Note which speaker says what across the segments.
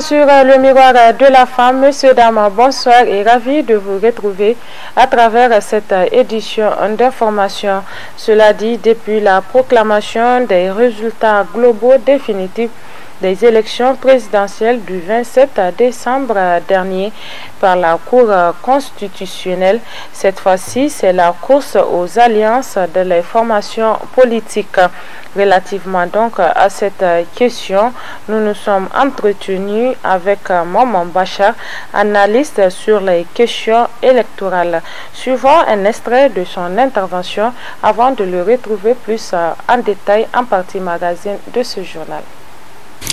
Speaker 1: sur euh, le miroir euh, de la femme. Monsieur, Dama, bonsoir et ravi de vous retrouver à travers euh, cette édition d'information. Cela dit, depuis la proclamation des résultats globaux définitifs des élections présidentielles du 27 décembre dernier par la Cour constitutionnelle. Cette fois-ci, c'est la course aux alliances de les formations politiques. Relativement donc à cette question, nous nous sommes entretenus avec Maman Bachar, analyste sur les questions électorales. Suivant un extrait de son intervention avant de le retrouver plus en détail en partie magazine de ce journal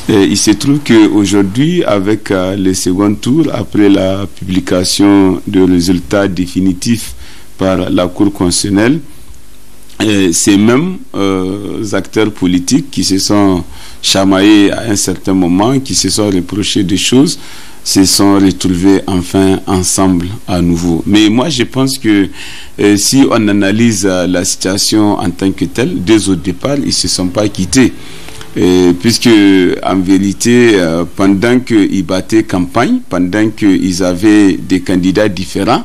Speaker 2: il se trouve qu'aujourd'hui, avec euh, le second tour, après la publication de résultats définitifs par la Cour constitutionnelle, euh, ces mêmes euh, acteurs politiques qui se sont chamaillés à un certain moment, qui se sont reprochés des choses, se sont retrouvés enfin ensemble à nouveau. Mais moi, je pense que si on analyse la situation en tant que telle, dès au départ, ils ne se sont pas quittés puisque en vérité, euh, pendant qu'ils battaient campagne, pendant qu'ils avaient des candidats différents,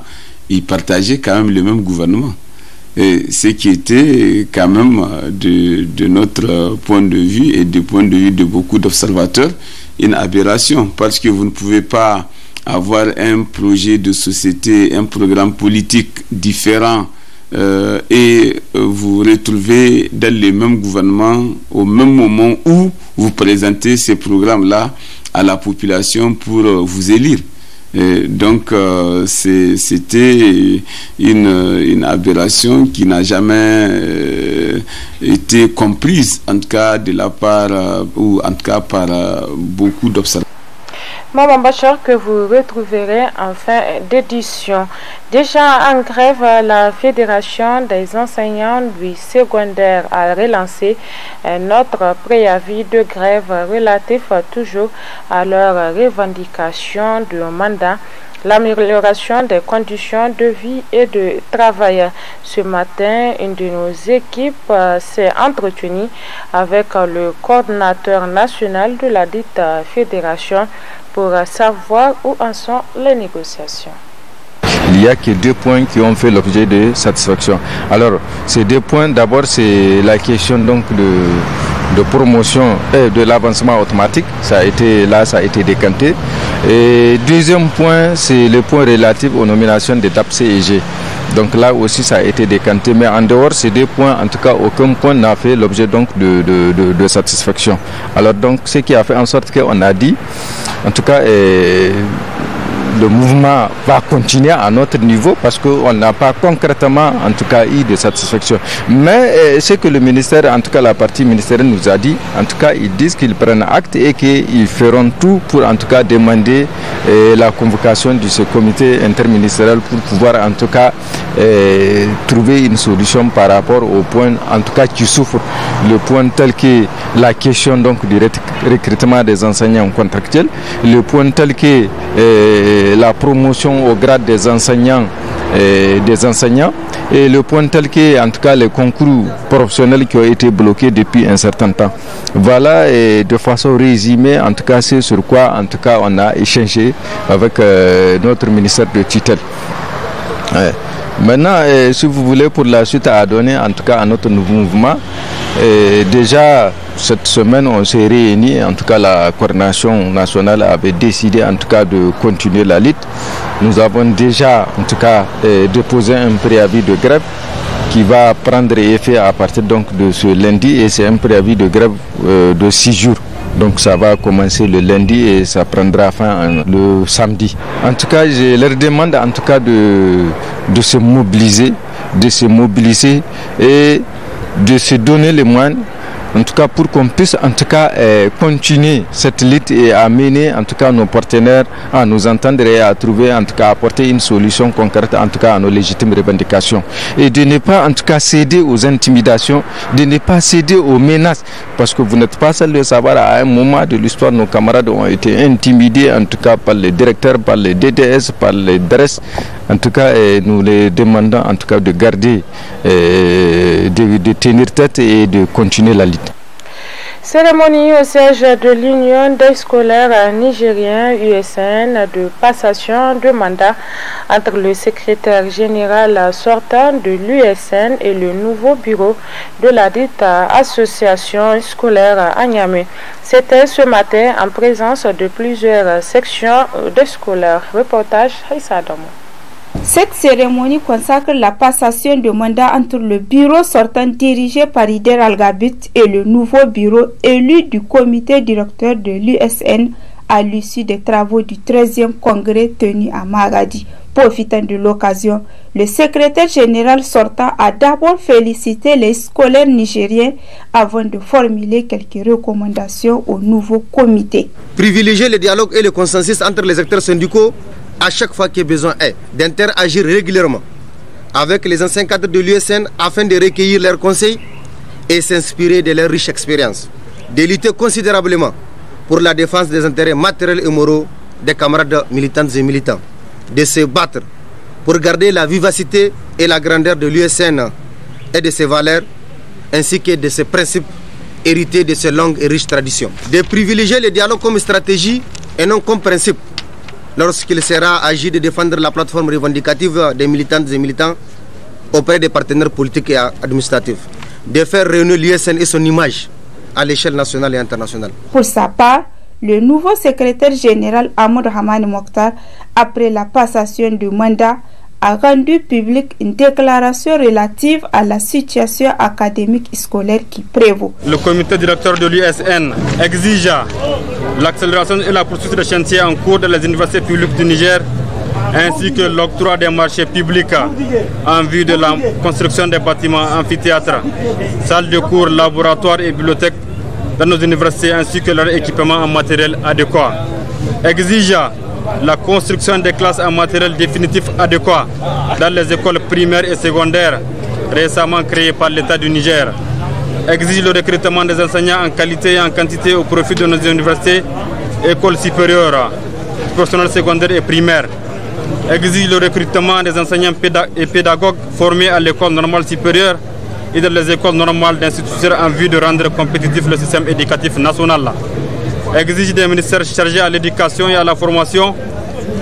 Speaker 2: ils partageaient quand même le même gouvernement. Et ce qui était quand même euh, de, de, notre euh, point de vue et du point de vue de beaucoup d'observateurs une aberration parce que vous ne pouvez pas avoir un projet de société, un programme politique différent euh, et euh, vous retrouvez dans les mêmes gouvernements au même moment où vous présentez ces programmes-là à la population pour euh, vous élire. donc, c'était une, aberration qui n'a jamais été comprise, en tout cas de la part, ou en tout cas par beaucoup d'observateurs.
Speaker 1: Maman Bachar que vous retrouverez en fin d'édition. Déjà en grève, la Fédération des enseignants du secondaire a relancé euh, notre préavis de grève relatif toujours à leur revendication de mandat l'amélioration des conditions de vie et de travail. Ce matin, une de nos équipes euh, s'est entretenue avec euh, le coordinateur national de la dite euh, fédération pour savoir où en sont les négociations.
Speaker 3: Il n'y a que deux points qui ont fait l'objet de satisfaction. Alors, ces deux points, d'abord, c'est la question donc de de promotion et de l'avancement automatique. Ça a été, là, ça a été décanté. Et deuxième point, c'est le point relatif aux nominations d'étape C et Donc là aussi, ça a été décanté. Mais en dehors, ces deux points, en tout cas, aucun point n'a fait l'objet donc de, satisfaction. Alors donc, ce qui a fait en sorte qu'on a dit, en tout cas, le mouvement va continuer à notre niveau parce qu'on n'a pas concrètement, en tout cas, eu de satisfaction. Mais eh, ce que le ministère, en tout cas la partie ministérielle nous a dit, en tout cas, ils disent qu'ils prennent acte et qu'ils feront tout pour, en tout cas, demander eh, la convocation de ce comité interministériel pour pouvoir, en tout cas, eh, trouver une solution par rapport au point, en tout cas, qui souffre. Le point tel que la question donc du recrutement des enseignants contractuels, le point tel que la promotion au grade des enseignants et des enseignants et le point tel que en tout cas les concours professionnels qui ont été bloqués depuis un certain temps. Voilà et de façon résumée en tout cas c'est sur quoi en tout cas on a échangé avec euh, notre ministère de tutelle. Maintenant, euh, si vous voulez, pour la suite à donner, en tout cas à notre nouveau mouvement, euh, déjà, cette semaine, on s'est réunis. En tout cas, la coordination nationale avait décidé, en tout cas, de continuer la lutte. Nous avons déjà, en tout cas, euh, déposé un préavis de grève qui va prendre effet à partir donc de ce lundi et c'est un préavis de grève euh, de six jours. Donc ça va commencer le lundi et ça prendra fin le samedi. En tout cas, je leur demande en tout cas de, de se mobiliser, de se mobiliser et de se donner les moyens en tout cas pour qu'on puisse en tout cas eh, continuer cette lutte et amener en tout cas nos partenaires à nous entendre et à trouver en tout cas apporter une solution concrète en tout cas à nos légitimes revendications et de ne pas en tout cas céder aux intimidations de ne pas céder aux menaces parce que vous n'êtes pas seul de savoir à un moment de l'histoire nos camarades ont été intimidés en tout cas par les directeurs par les DDS par les DRES en tout cas, eh, nous les demandons en tout cas de garder, eh, de, tenir tête et de continuer la lutte.
Speaker 1: Cérémonie au siège de l'Union des scolaires nigériens USN de passation de mandat entre le secrétaire général sortant de l'USN et le nouveau bureau de la dite association scolaire à C'était ce matin en présence de plusieurs sections de scolaires. Reportage Issa
Speaker 4: cette cérémonie consacre la passation de mandat entre le bureau sortant dirigé par Ider Algabit et le nouveau bureau élu du comité directeur de l'USN à l'issue des travaux du 13e congrès tenu à Magadi. Profitant de l'occasion, le secrétaire général sortant a d'abord félicité les scolaires nigériens avant de formuler quelques recommandations au nouveau comité.
Speaker 3: Privilégier le dialogue et le consensus entre les acteurs syndicaux à chaque fois qu'il y a besoin est d'interagir régulièrement avec les anciens cadres de l'USN afin de recueillir leurs conseils et s'inspirer de leur riche expérience, de lutter considérablement pour la défense des intérêts matériels et moraux des camarades militantes et militants, de se battre pour garder la vivacité et la grandeur de l'USN et de ses valeurs, ainsi que de ses principes hérités de ses longues et riches traditions, de privilégier le dialogue comme stratégie et non comme principe, lorsqu'il sera agi de défendre la plateforme revendicative des militantes et militants auprès des partenaires politiques et administratifs, de faire réunir l'USN et son image à l'échelle nationale et internationale.
Speaker 4: Pour sa part, le nouveau secrétaire général Ahmed Rahman Mokhtar, après la passation du mandat, a rendu public une déclaration relative à la situation académique et scolaire qui prévaut.
Speaker 5: Le comité directeur de l'USN exigea l'accélération et la poursuite des chantiers en cours de les universités publiques du Niger ainsi que l'octroi des marchés publics en vue de la construction des bâtiments amphithéâtres, salles de cours, laboratoires et bibliothèques dans nos universités ainsi que leur équipement en matériel adéquat. Exigea la construction des classes en matériel définitif adéquat dans les écoles primaires et secondaires récemment créées par l'État du Niger, exige le recrutement des enseignants en qualité et en quantité au profit de nos universités, écoles supérieures, personnel secondaires et primaires. exige le recrutement des enseignants et pédagogues formés à l'école normale supérieure et dans les écoles normales d'institutions en vue de rendre compétitif le système éducatif national exige des ministères chargés à l'éducation et à la formation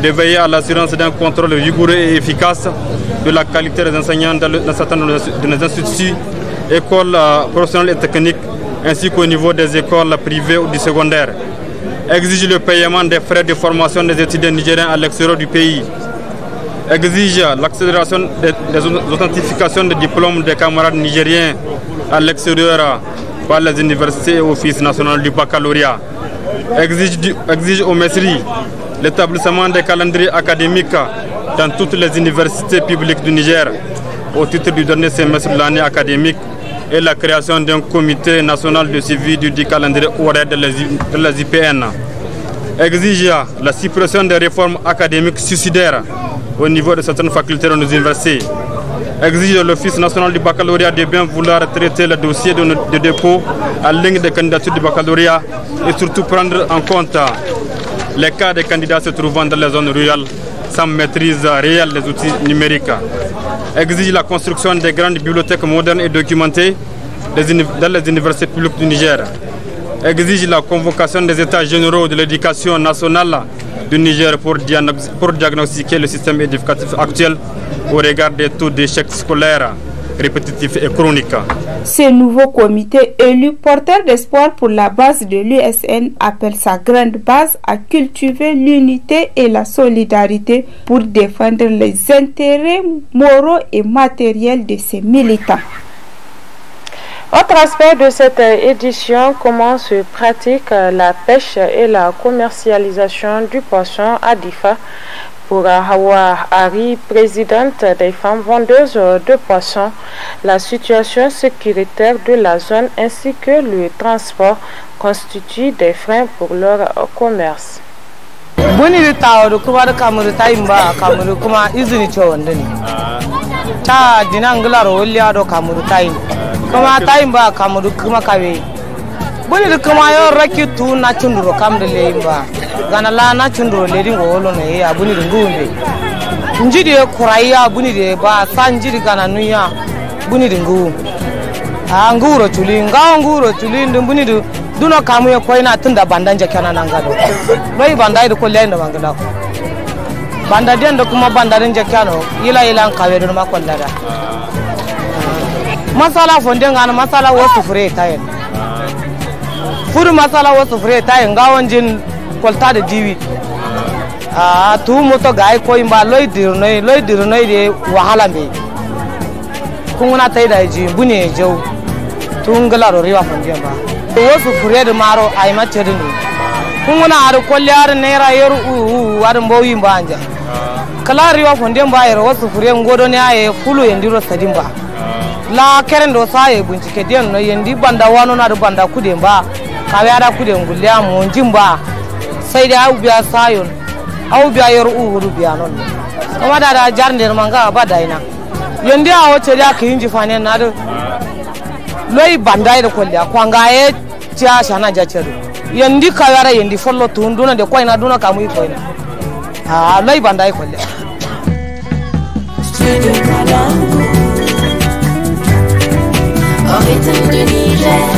Speaker 5: de veiller à l'assurance d'un contrôle rigoureux et efficace de la qualité des enseignants dans, certains de nos instituts, écoles euh, professionnelles et techniques, ainsi qu'au niveau des écoles privées ou du secondaire. Exige le paiement des frais de formation des étudiants nigériens à l'extérieur du pays. Exige l'accélération des, des authentifications des diplômes des camarades nigériens à l'extérieur par les universités et offices nationaux du baccalauréat exige, exige au l'établissement des calendriers académiques dans toutes les universités publiques du Niger au titre du dernier semestre de l'année académique et la création d'un comité national de suivi du calendrier horaire de les IPN. Exige la suppression des réformes académiques suicidaires au niveau de certaines facultés de nos universités. Exige l'Office national du baccalauréat de bien vouloir traiter le dossier de dépôt la ligne des candidatures du baccalauréat et surtout prendre en compte les cas des candidats se trouvant dans les zones rurales sans maîtrise réelle des outils numériques. Exige la construction des grandes bibliothèques modernes et documentées dans les universités publiques du Niger. Exige la convocation des États généraux de l'éducation nationale du Niger pour, diagnostiquer le système éducatif actuel au regard des taux d'échec scolaire répétitif et chronique.
Speaker 4: Ce nouveau comité élu porteur d'espoir pour la base de l'USN appelle sa grande base à cultiver l'unité et la solidarité pour défendre les intérêts moraux et matériels de ses militants. Autre aspect de cette
Speaker 1: édition, comment se pratique la pêche et la commercialisation du poisson à Difa. Pour euh, Hawa Ari présidente des femmes vendeuses de poissons, la situation sécuritaire de la zone ainsi que le transport constituent des freins pour leur commerce.
Speaker 6: bole de kama yo raki tu na chunduro kamde le imba gana la na chunduro le dingo holo ne ya buni de ngumbe njidi e ya buni de ba san njidi gana nuya buni de ngu a nguro tuli nga nguro tuli ndu buni de duno kamu ya koina tunda bandanja kana nanga do loyi bandai de ko lenda mangala banda den da kuma bandarin jakano ila ila an kawe don makwallada masala fonden ngana masala wasu fure tayen furu masala wasu fure ta yin gawon jin kwalta da diwi a tu moto ga aiko yin ba loy dirnoi loy dirnoi de wahala me kun wana yi da ji bune jau tun gala da riwa fon ba wasu fure da maro yi mace da ne kun wana ar kolyar naira yar u war mbowi ba ja kala riwa fon ba ba yar wasu fure ngodo ne ya kulu yandiro sadin ba la keren do sa e bincike den no yendi banda wano na da banda kudin ba kawyara kuden jin ba sai dai au biya sayon au biya yor uhuru biya non kuma da da jar nder manga ba ina yonde a wace da ka yinji fanen na do loyi bandai da kwalliya kwanga ye tia shana ja chedo yandi kawyara yandi follo tunduna de na duna kamu yi kwai ha loyi bandai kwalliya Studio Kalangu
Speaker 4: Au rythme Niger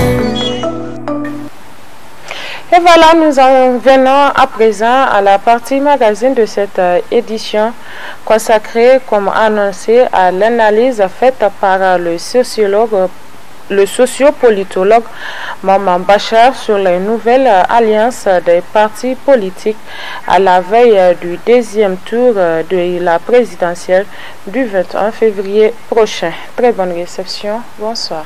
Speaker 1: Et voilà, nous en venons à présent à la partie magazine de cette euh, édition consacrée, comme annoncé, à l'analyse faite par euh, le sociologue le sociopolitologue Maman Bachar sur les nouvelles alliances des partis politiques à la veille du deuxième tour euh, de la présidentielle du 21 février prochain. Très bonne réception. Bonsoir.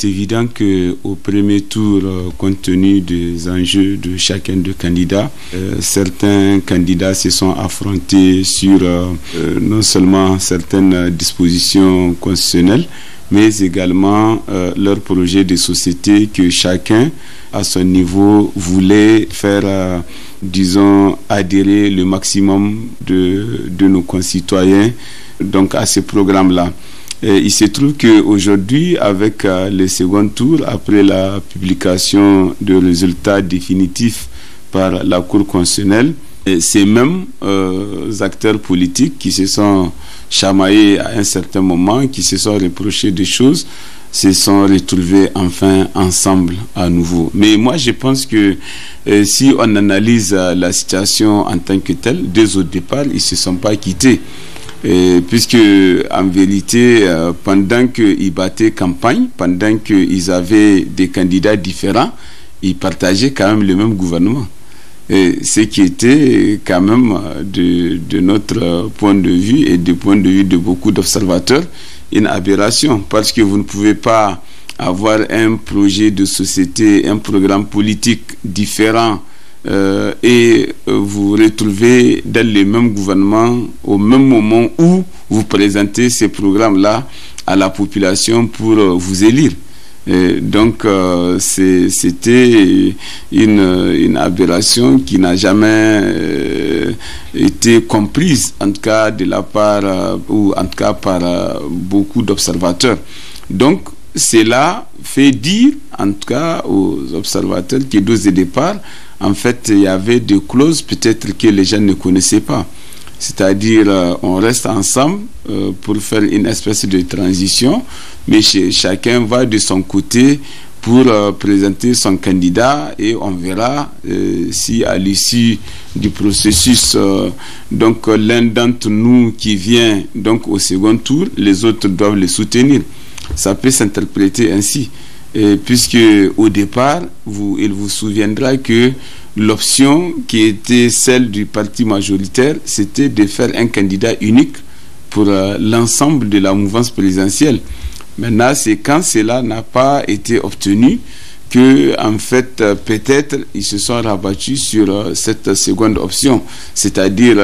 Speaker 2: C'est évident qu'au premier tour, euh, compte tenu des enjeux de chacun des candidats, euh, certains candidats se sont affrontés sur euh, non seulement certaines dispositions constitutionnelles, mais également leur projet de société que chacun, à son niveau, voulait faire, disons, adhérer le maximum de, nos concitoyens donc à ces programmes là il se trouve qu'aujourd'hui, avec euh, le second tour, après la publication de résultats définitifs par la Cour constitutionnelle, ces mêmes euh, acteurs politiques qui se sont chamaillés à un certain moment, qui se sont reprochés des choses, se sont retrouvés enfin ensemble à nouveau. Mais moi, je pense que euh, si on analyse la situation en tant que telle, dès au départ, ils ne se sont pas quittés puisque en vérité, euh, pendant qu'ils battaient campagne, pendant qu'ils avaient des candidats différents, ils partageaient quand même le même gouvernement. Et ce qui était quand même, euh, de, de, notre euh, point de vue et du point de vue de beaucoup d'observateurs, une aberration, parce que vous ne pouvez pas avoir un projet de société, un programme politique différent euh, et euh, vous retrouvez dans les mêmes gouvernements au même moment où vous présentez ces programmes-là à la population pour euh, vous élire. donc, c'était une, aberration qui n'a jamais été comprise, en tout cas de la part, ou en tout cas par beaucoup d'observateurs. Donc, cela fait dire, en tout cas aux observateurs, qui, dès le départ, en fait, il y avait des clauses peut-être que les gens ne connaissaient pas. C'est-à-dire, euh, on reste ensemble euh, pour faire une espèce de transition, mais chacun va de son côté pour euh, présenter son candidat et on verra si à l'issue du processus, donc l'un d'entre nous qui vient donc au second tour, les autres doivent le soutenir. Ça peut s'interpréter ainsi puisque au départ, vous, il vous souviendra que l'option qui était celle du parti majoritaire, c'était de faire un candidat unique pour euh, l'ensemble de la mouvance présidentielle. Maintenant, c'est quand cela n'a pas été obtenu que, en fait, euh, peut-être, ils se sont rabattus sur euh, cette seconde option, c'est-à-dire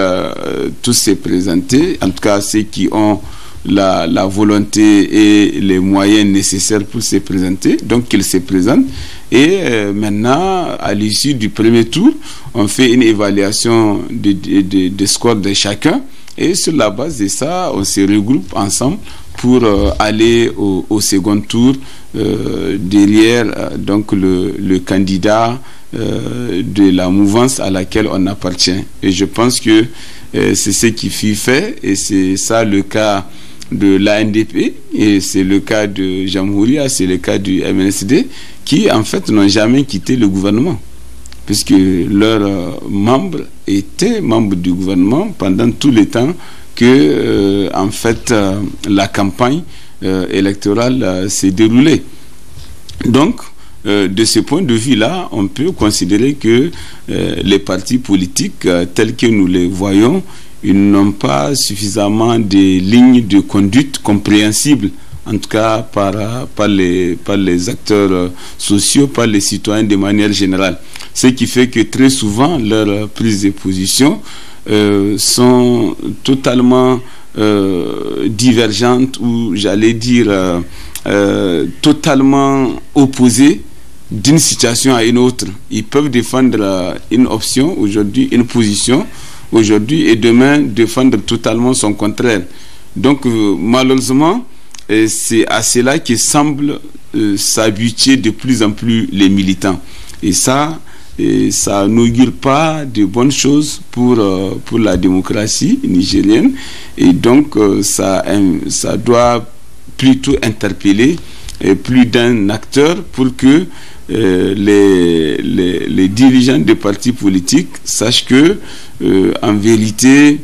Speaker 2: tous s'est présenter, en tout cas ceux qui ont la, volonté et les moyens nécessaires pour se présenter, donc qu'il se présente. Et euh, maintenant, à l'issue du premier tour, on fait une évaluation des de, de, de scores de chacun. Et sur la base de ça, on se regroupe ensemble pour euh, aller au, second tour euh, derrière donc le, le candidat de la mouvance à laquelle on appartient. Et je pense que c'est ce qui fut fait et c'est ça le cas de l'ANDP, et c'est le cas de Jamhouria, c'est le cas du MNSD, qui en fait n'ont jamais quitté le gouvernement, puisque leurs euh, membres étaient membres du gouvernement pendant tout le temps que euh, en fait euh, la campagne électorale s'est déroulée. Donc, de ce point de vue-là, on peut considérer que les partis politiques tels que nous les voyons ils n'ont pas suffisamment de lignes de conduite compréhensibles, en tout cas par, les, acteurs sociaux, par les citoyens de manière générale. Ce qui fait que très souvent, leurs prises de position euh, sont totalement euh, divergentes ou, j'allais dire, euh, totalement opposées d'une situation à une autre. Ils peuvent défendre une option aujourd'hui, une position, aujourd'hui et demain défendre totalement son contraire. Donc euh, malheureusement, euh, c'est à cela qui semble euh, s'habituer de plus en plus les militants. Et ça, ça n'augure pas de bonnes choses pour, pour la démocratie nigérienne. Et donc, ça, hein, ça doit plutôt interpeller plus d'un acteur pour que les, les, les, dirigeants des partis politiques sachent que euh, en vérité,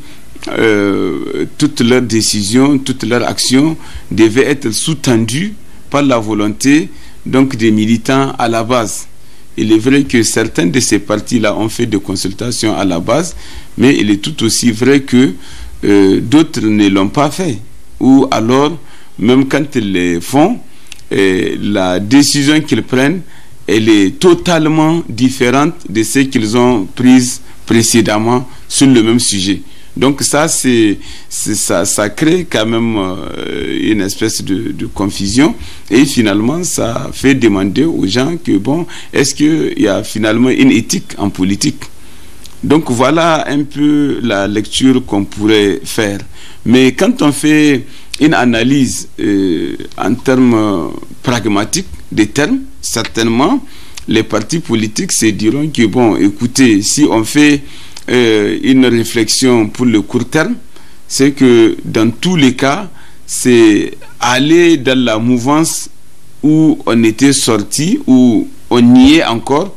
Speaker 2: euh, toutes leurs décisions, toutes leurs actions devaient être sous-tendues par la volonté donc des militants à la base. Il est vrai que certains de ces partis-là ont fait des consultations à la base, mais il est tout aussi vrai que euh, d'autres ne l'ont pas fait. Ou alors, même quand ils les font, la décision qu'ils prennent, elle est totalement différente de ce qu'ils ont prise précédemment sur le même sujet. Donc ça, c'est ça, ça crée quand même euh, une espèce de, confusion et finalement ça fait demander aux gens que bon, est-ce qu'il y a finalement une éthique en politique Donc voilà un peu la lecture qu'on pourrait faire. Mais quand on fait une analyse euh, en termes pragmatiques des termes, certainement, les partis politiques se diront que, bon, écoutez, si on fait euh, une réflexion pour le court terme, c'est que dans tous les cas, c'est aller dans la mouvance où on était sorti, où on y est encore,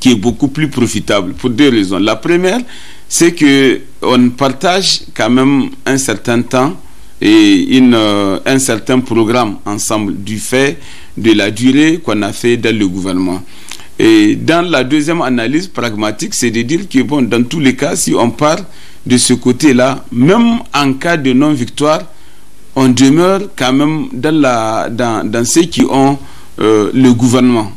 Speaker 2: qui est beaucoup plus profitable pour deux raisons. La première, c'est que on partage quand même un certain temps et une, euh, un certain programme ensemble du fait de la durée qu'on a fait dans le gouvernement. Et dans la deuxième analyse pragmatique, c'est de dire que, bon, dans tous les cas, si on parle de ce côté-là, même en cas de non-victoire, on demeure quand même dans, la, dans, ceux qui ont euh, le gouvernement.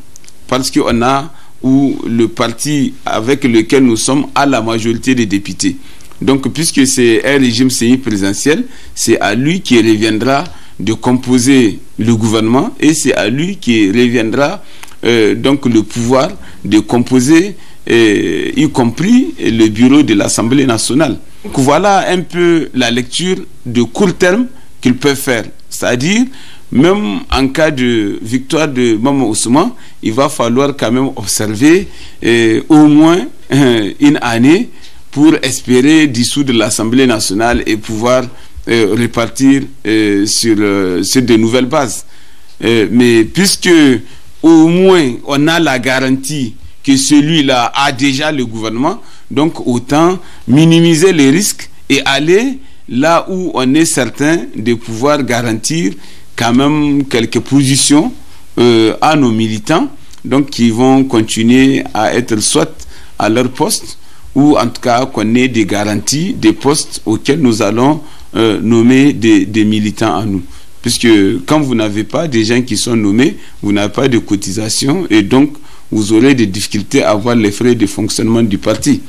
Speaker 2: Parce qu'on a, ou le parti avec lequel nous sommes, à la majorité des députés. Donc, puisque c'est un régime semi-présidentiel, c'est à lui qui reviendra de composer le gouvernement et c'est à lui qui reviendra euh, donc le pouvoir de composer, euh, y compris le bureau de l'Assemblée nationale. voilà un peu la lecture de court terme qu'il peut faire. C'est-à-dire, même en cas de victoire de Mama Ousmane, il va falloir quand même observer euh, au moins une année pour espérer dissoudre l'Assemblée nationale et pouvoir repartir euh, euh, sur, de nouvelles bases. Euh, mais puisque au moins on a la garantie que celui-là a déjà le gouvernement, donc autant minimiser les risques et aller là où on est certain de pouvoir garantir quand même quelques positions à nos militants, donc qui vont continuer à être soit à leur poste, ou en tout cas qu'on ait des garanties des postes auxquels nous allons euh, nommer des, militants à nous. Puisque quand vous n'avez pas des gens qui sont nommés, vous n'avez pas de cotisation et donc vous aurez des difficultés à avoir les frais de fonctionnement du parti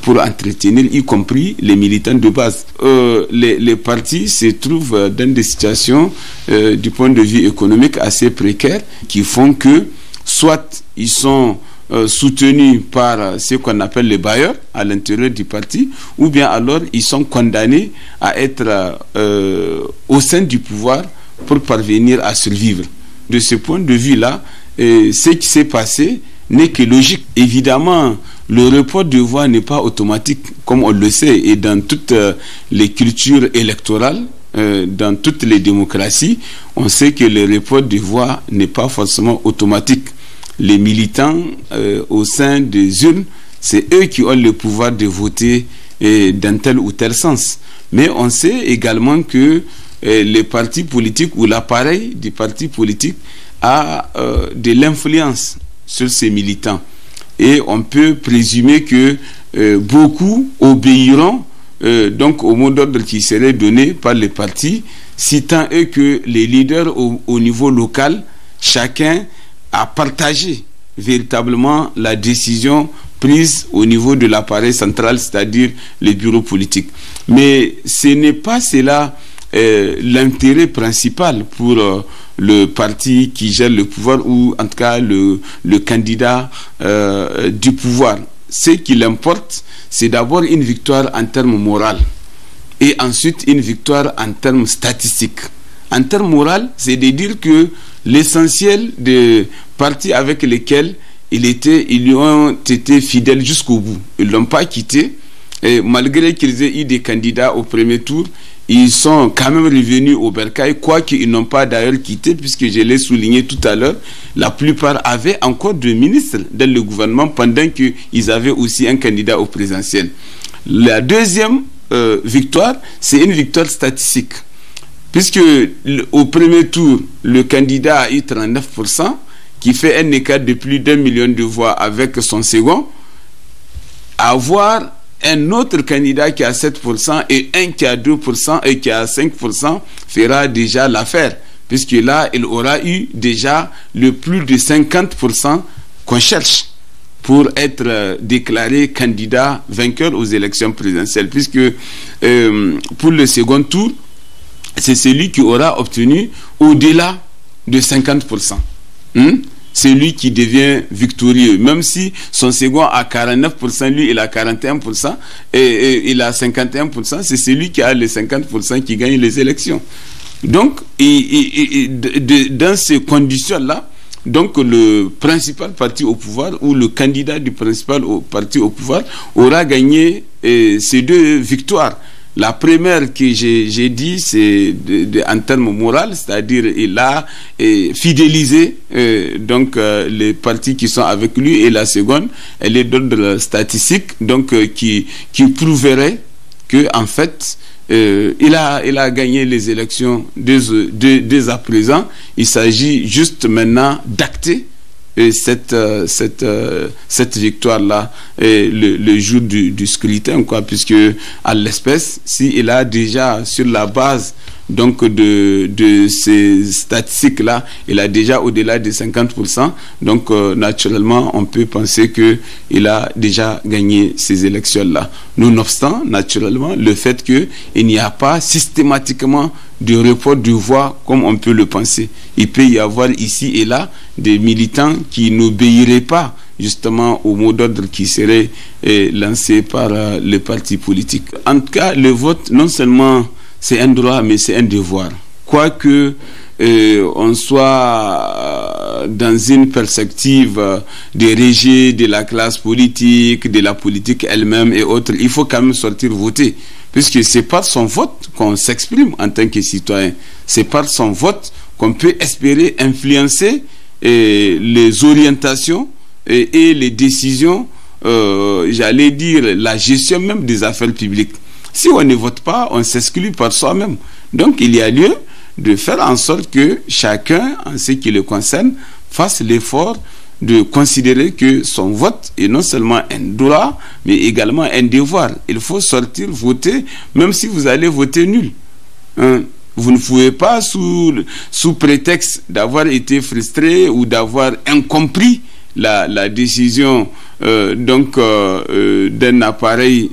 Speaker 2: pour entretenir, y compris les militants de base. Euh, les, partis se trouvent dans des situations euh, du point de vue économique assez précaires qui font que soit ils sont euh, soutenus par euh, ce qu'on appelle les bailleurs à l'intérieur du parti, ou bien alors ils sont condamnés à être euh, au sein du pouvoir pour parvenir à survivre. De ce point de vue-là, ce qui s'est passé n'est que logique. Évidemment, le report de voix n'est pas automatique, comme on le sait, et dans toutes les cultures électorales, dans toutes les démocraties, on sait que le report de voix n'est pas forcément automatique les militants euh, au sein des urnes, c'est eux qui ont le pouvoir de voter euh, dans tel ou tel sens. Mais on sait également que euh, les partis politiques ou l'appareil du parti politique a de l'influence sur ces militants. Et on peut présumer que beaucoup obéiront donc au mot d'ordre qui serait donné par les partis, citant eux que les leaders au niveau local, chacun à partager véritablement la décision prise au niveau de l'appareil central, c'est-à-dire les bureaux politiques. Mais ce n'est pas cela euh, l'intérêt principal pour euh, le parti qui gère le pouvoir ou en tout cas le, candidat euh, du pouvoir. Ce qui l'importe, c'est d'abord une victoire en termes moraux et ensuite une victoire en termes statistiques. En termes moraux, c'est de dire que l'essentiel des partis avec lesquels il était, ils lui ont été fidèles jusqu'au bout. Ils ne l'ont pas quitté. Et malgré qu'ils aient eu des candidats au premier tour, ils sont quand même revenus au Bercail, quoiqu'ils n'ont pas d'ailleurs quitté, puisque je l'ai souligné tout à l'heure, la plupart avaient encore deux ministres dans le gouvernement pendant qu'ils avaient aussi un candidat au présidentiel. La deuxième euh, victoire, c'est une victoire statistique. Puisque au premier tour, le candidat a eu 39%, qui fait un écart de plus d'un million de voix avec son second, avoir un autre candidat qui a 7% et un qui a 2% et qui a 5% fera déjà l'affaire. Puisque là, il aura eu déjà le plus de 50% qu'on cherche pour être euh, déclaré candidat vainqueur aux élections présidentielles. Puisque euh, pour le second tour, c'est celui qui aura obtenu au-delà de 50%. Hmm? C'est lui qui devient victorieux. Même si son second a 49%, lui, il a 41%, et, il a 51%, c'est celui qui a les 50% qui gagne les élections. Donc, dans ces conditions-là, donc le principal parti au pouvoir ou le candidat du principal parti au pouvoir aura gagné ces deux victoires. La première que j'ai dit, c'est en termes moraux, c'est-à-dire il a euh, fidélisé euh, donc euh, les partis qui sont avec lui, et la seconde, elle est d'ordre statistique, donc qui, qui prouverait que en fait il, a, il a gagné les élections dès à présent. Il s'agit juste maintenant d'acter et cette, euh, euh, cette, victoire-là le, le, jour du, du, scrutin, quoi, puisque à l'espèce, il a déjà, sur la base donc de, de ces statistiques-là, il a déjà au-delà de 50%. Donc, euh, naturellement, on peut penser que qu'il a déjà gagné ces élections-là. Nonobstant, naturellement, le fait il n'y a pas systématiquement de report du voix comme on peut le penser. Il peut y avoir ici et là des militants qui n'obéiraient pas justement au mot d'ordre qui serait eh, lancé par euh, les partis politiques. En tout cas, le vote, non seulement c'est un droit, mais c'est un devoir. Quoique euh, on soit euh, dans une perspective euh, de de la classe politique, de la politique elle-même et autres, il faut quand même sortir voter. Puisque c'est par son vote qu'on s'exprime en tant que citoyen. C'est par son vote qu'on peut espérer influencer les orientations et, les décisions, j'allais dire la gestion même des affaires publiques. Si on ne vote pas, on s'exclut par soi-même. Donc il y a lieu de faire en sorte que chacun, en ce qui le concerne, fasse l'effort de considérer que son vote est non seulement un droit, mais également un devoir. Il faut sortir, voter, même si vous allez voter nul. Hein? Vous ne pouvez pas, sous, sous prétexte d'avoir été frustré ou d'avoir incompris la, la décision euh, donc euh, euh, d'un appareil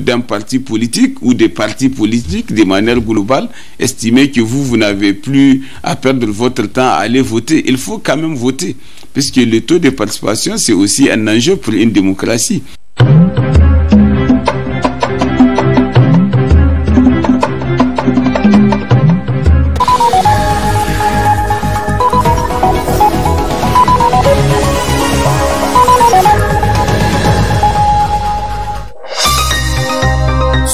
Speaker 2: d'un parti politique ou des partis politiques de manière globale, estimez que vous, vous n'avez plus à perdre votre temps à aller voter. Il faut quand même voter, puisque le taux de participation, c'est aussi un enjeu pour une démocratie.